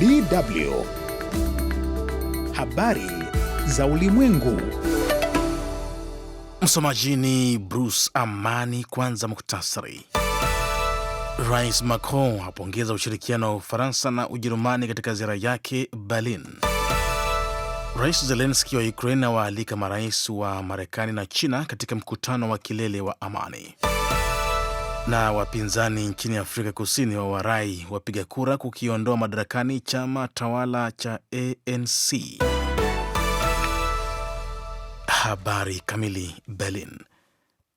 DW. Habari za Ulimwengu. Msomaji ni Bruce Amani. Kwanza muktasari. Rais Macron apongeza ushirikiano wa Ufaransa na Ujerumani katika ziara yake Berlin. Rais Zelenski wa Ukraine awaalika marais wa Marekani na China katika mkutano wa kilele wa amani. Na wapinzani nchini Afrika Kusini wa warai wapiga kura kukiondoa madarakani chama tawala cha ANC. Habari kamili. Berlin.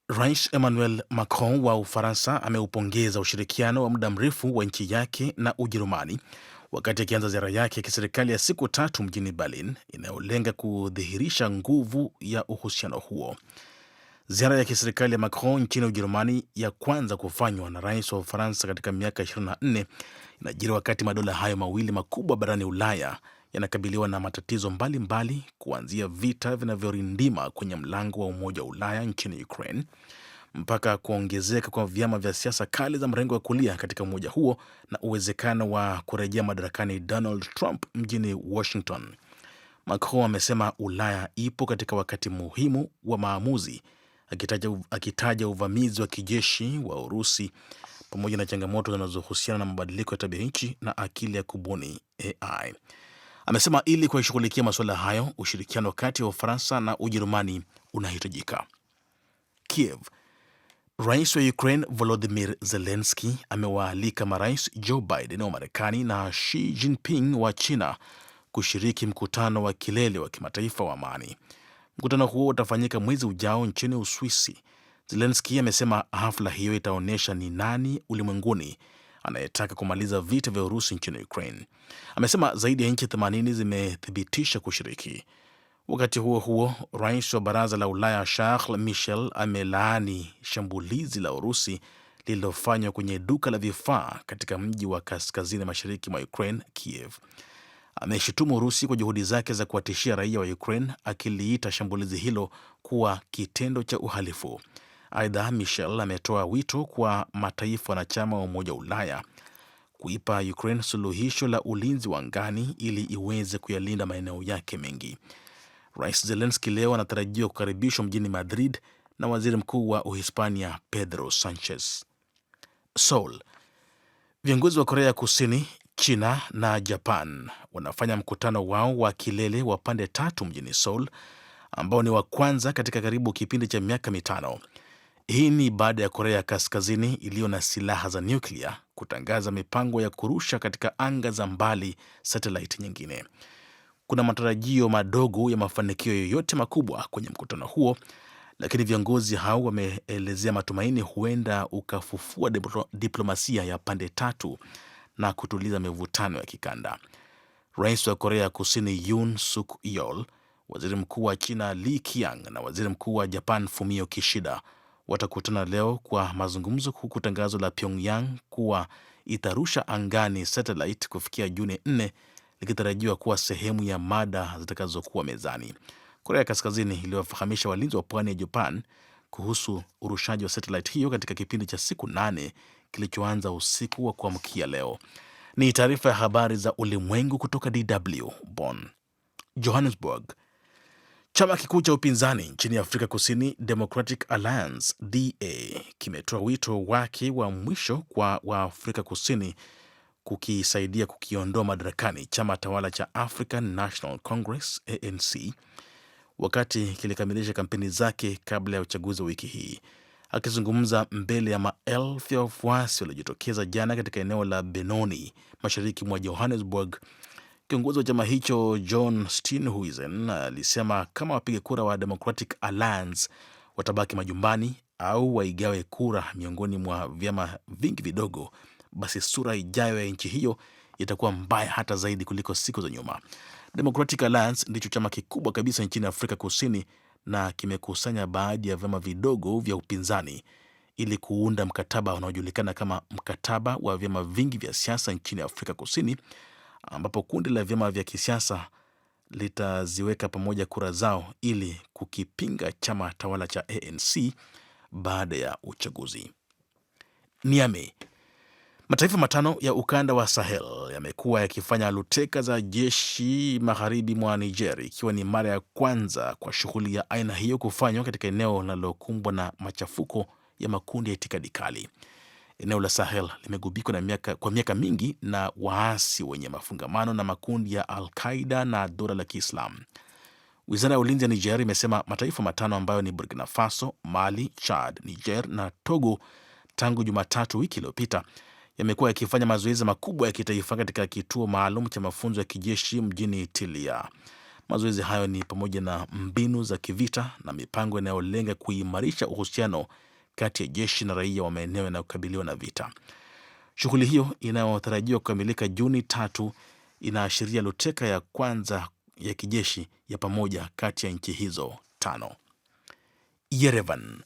Rais Emmanuel Macron wa Ufaransa ameupongeza ushirikiano wa muda mrefu wa nchi yake na Ujerumani wakati akianza ziara yake ya kiserikali ya siku tatu mjini Berlin inayolenga kudhihirisha nguvu ya uhusiano huo. Ziara ya kiserikali ya Macron nchini Ujerumani, ya kwanza kufanywa na rais wa Ufaransa katika miaka 24, inajiri wakati madola hayo mawili makubwa barani Ulaya yanakabiliwa na matatizo mbalimbali mbali, kuanzia vita vinavyorindima kwenye mlango wa Umoja wa Ulaya nchini Ukraine mpaka kuongezeka kwa vyama vya siasa kali za mrengo wa kulia katika umoja huo na uwezekano wa kurejea madarakani Donald Trump mjini Washington. Macron amesema Ulaya ipo katika wakati muhimu wa maamuzi akitaja, akitaja uvamizi wa kijeshi wa Urusi pamoja na changamoto zinazohusiana na mabadiliko ya tabia nchi na akili ya kubuni AI. Amesema ili kuyashughulikia masuala hayo, ushirikiano kati ya Ufaransa na Ujerumani unahitajika. Kiev. Rais wa Ukraine volodimir zelenski amewaalika marais Joe Biden wa Marekani na Xi Jinping wa China kushiriki mkutano wa kilele wa kimataifa wa amani. Mkutano huo utafanyika mwezi ujao nchini Uswisi. Zelenski amesema hafla hiyo itaonyesha ni nani ulimwenguni anayetaka kumaliza vita vya Urusi nchini Ukraine. Amesema zaidi ya nchi 80 zimethibitisha kushiriki. Wakati huo huo, rais wa baraza la Ulaya Charles Michel amelaani shambulizi la Urusi lililofanywa kwenye duka la vifaa katika mji wa kaskazini mashariki mwa Ukraine, Kiev ameshutumu Urusi kwa juhudi zake za kuwatishia raia wa Ukraine, akiliita shambulizi hilo kuwa kitendo cha uhalifu. Aidha, Michel ametoa wito kwa mataifa wanachama wa Umoja wa Ulaya kuipa Ukraine suluhisho la ulinzi wa angani ili iweze kuyalinda maeneo yake mengi. Rais Zelenski leo anatarajiwa kukaribishwa mjini Madrid na waziri mkuu wa Uhispania Pedro Sanchez. Seoul. Viongozi wa Korea Kusini China na Japan wanafanya mkutano wao wa kilele wa pande tatu mjini Seoul ambao ni wa kwanza katika karibu kipindi cha miaka mitano. Hii ni baada ya Korea Kaskazini iliyo na silaha za nyuklia kutangaza mipango ya kurusha katika anga za mbali satelaiti nyingine. Kuna matarajio madogo ya mafanikio yoyote makubwa kwenye mkutano huo, lakini viongozi hao wameelezea matumaini huenda ukafufua diplomasia ya pande tatu na kutuliza mivutano ya kikanda. Rais wa Korea Kusini Yoon Suk Yeol, waziri mkuu wa China Li kiang na waziri mkuu wa Japan Fumio Kishida watakutana leo kwa mazungumzo, huku tangazo la Pyongyang kuwa itarusha angani satellite kufikia Juni 4 likitarajiwa kuwa sehemu ya mada zitakazokuwa mezani. Korea Kaskazini iliwafahamisha walinzi wa pwani ya Japan kuhusu urushaji wa satellite hiyo katika kipindi cha siku nane kilichoanza usiku wa kuamkia leo. Ni taarifa ya habari za ulimwengu kutoka DW Bonn. Johannesburg. Chama kikuu cha upinzani nchini Afrika Kusini, Democratic Alliance DA, kimetoa wito wake wa mwisho kwa Waafrika Kusini kukisaidia kukiondoa madarakani chama tawala cha African National Congress ANC, wakati kilikamilisha kampeni zake kabla ya uchaguzi wa wiki hii. Akizungumza mbele ya maelfu ya wafuasi waliojitokeza jana katika eneo la Benoni mashariki mwa Johannesburg, kiongozi wa chama hicho John Steenhuisen alisema kama wapiga kura wa Democratic Alliance watabaki majumbani au waigawe kura miongoni mwa vyama vingi vidogo, basi sura ijayo ya nchi hiyo itakuwa mbaya hata zaidi kuliko siku za nyuma. Democratic Alliance ndicho chama kikubwa kabisa nchini Afrika Kusini na kimekusanya baadhi ya vyama vidogo vya upinzani ili kuunda mkataba unaojulikana kama mkataba wa vyama vingi vya siasa nchini Afrika Kusini, ambapo kundi la vyama vya kisiasa litaziweka pamoja kura zao ili kukipinga chama tawala cha ANC baada ya uchaguzi. Niamey Mataifa matano ya ukanda wa Sahel yamekuwa yakifanya luteka za jeshi magharibi mwa Niger, ikiwa ni mara ya kwanza kwa shughuli ya aina hiyo kufanywa katika eneo linalokumbwa na machafuko ya makundi ya itikadi kali. Eneo la Sahel limegubikwa kwa miaka mingi na waasi wenye mafungamano na makundi ya Al-Qaida na dola la Kiislamu. Wizara ya ulinzi ya Niger imesema mataifa matano ambayo ni Burkina Faso, Mali, Chad, Niger na Togo tangu Jumatatu wiki iliyopita yamekuwa yakifanya mazoezi makubwa ya kitaifa katika kituo maalum cha mafunzo ya kijeshi mjini tilia Mazoezi hayo ni pamoja na mbinu za kivita na mipango inayolenga kuimarisha uhusiano kati ya jeshi na raia wa maeneo yanayokabiliwa na vita. Shughuli hiyo inayotarajiwa kukamilika Juni tatu inaashiria luteka ya kwanza ya kijeshi ya pamoja kati ya nchi hizo tano. Yerevan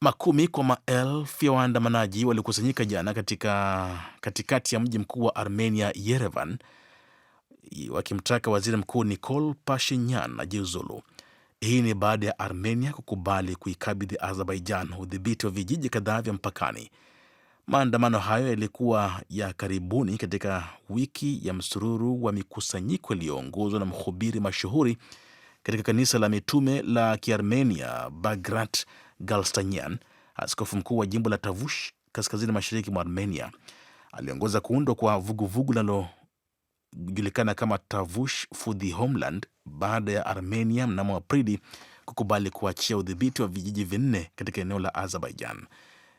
Makumi kwa maelfu ya waandamanaji walikusanyika jana katika katikati ya mji mkuu wa Armenia, Yerevan, wakimtaka waziri mkuu Nikol Pashinyan ajiuzulu. Hii ni baada ya Armenia kukubali kuikabidhi Azerbaijan udhibiti wa vijiji kadhaa vya mpakani. Maandamano hayo yalikuwa ya karibuni katika wiki ya msururu wa mikusanyiko iliyoongozwa na mhubiri mashuhuri katika kanisa la mitume la Kiarmenia Bagrat Galstanyan, askofu mkuu wa jimbo la Tavush kaskazini mashariki mwa Armenia, aliongoza kuundwa kwa vuguvugu linalojulikana kama Tavush for the Homeland baada ya Armenia mnamo Aprili kukubali kuachia udhibiti wa vijiji vinne katika eneo la Azerbaijan.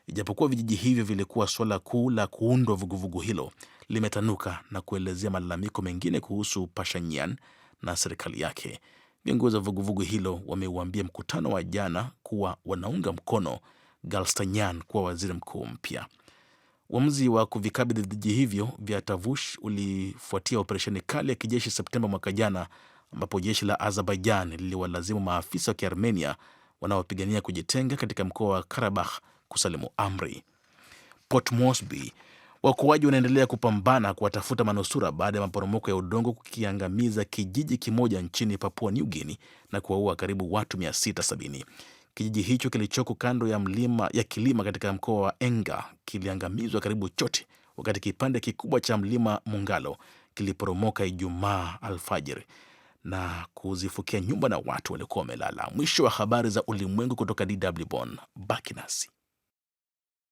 Ijapokuwa vijiji hivyo vilikuwa suala kuu la kuundwa vuguvugu hilo, limetanuka na kuelezea malalamiko mengine kuhusu Pashinyan na serikali yake. Viongozi wa vuguvugu hilo wameuambia mkutano wa jana kuwa wanaunga mkono Galstanyan kuwa waziri mkuu mpya. Uamuzi wa kuvikabidhi vijiji hivyo vya Tavush ulifuatia operesheni kali ya kijeshi Septemba mwaka jana, ambapo jeshi la Azerbaijan liliwalazimu maafisa wa Kiarmenia wanaopigania kujitenga katika mkoa wa Karabakh kusalimu amri. Port Moresby Waokoaji wanaendelea kupambana kuwatafuta manusura baada ya maporomoko ya udongo kukiangamiza kijiji kimoja nchini Papua New Guinea na kuwaua karibu watu 670. Kijiji hicho kilichoko kando ya mlima ya kilima katika mkoa wa Enga kiliangamizwa karibu chote wakati kipande kikubwa cha mlima Mungalo kiliporomoka Ijumaa alfajiri na kuzifukia nyumba na watu waliokuwa wamelala. Mwisho wa habari za ulimwengu kutoka DW Bonn. Baki nasi.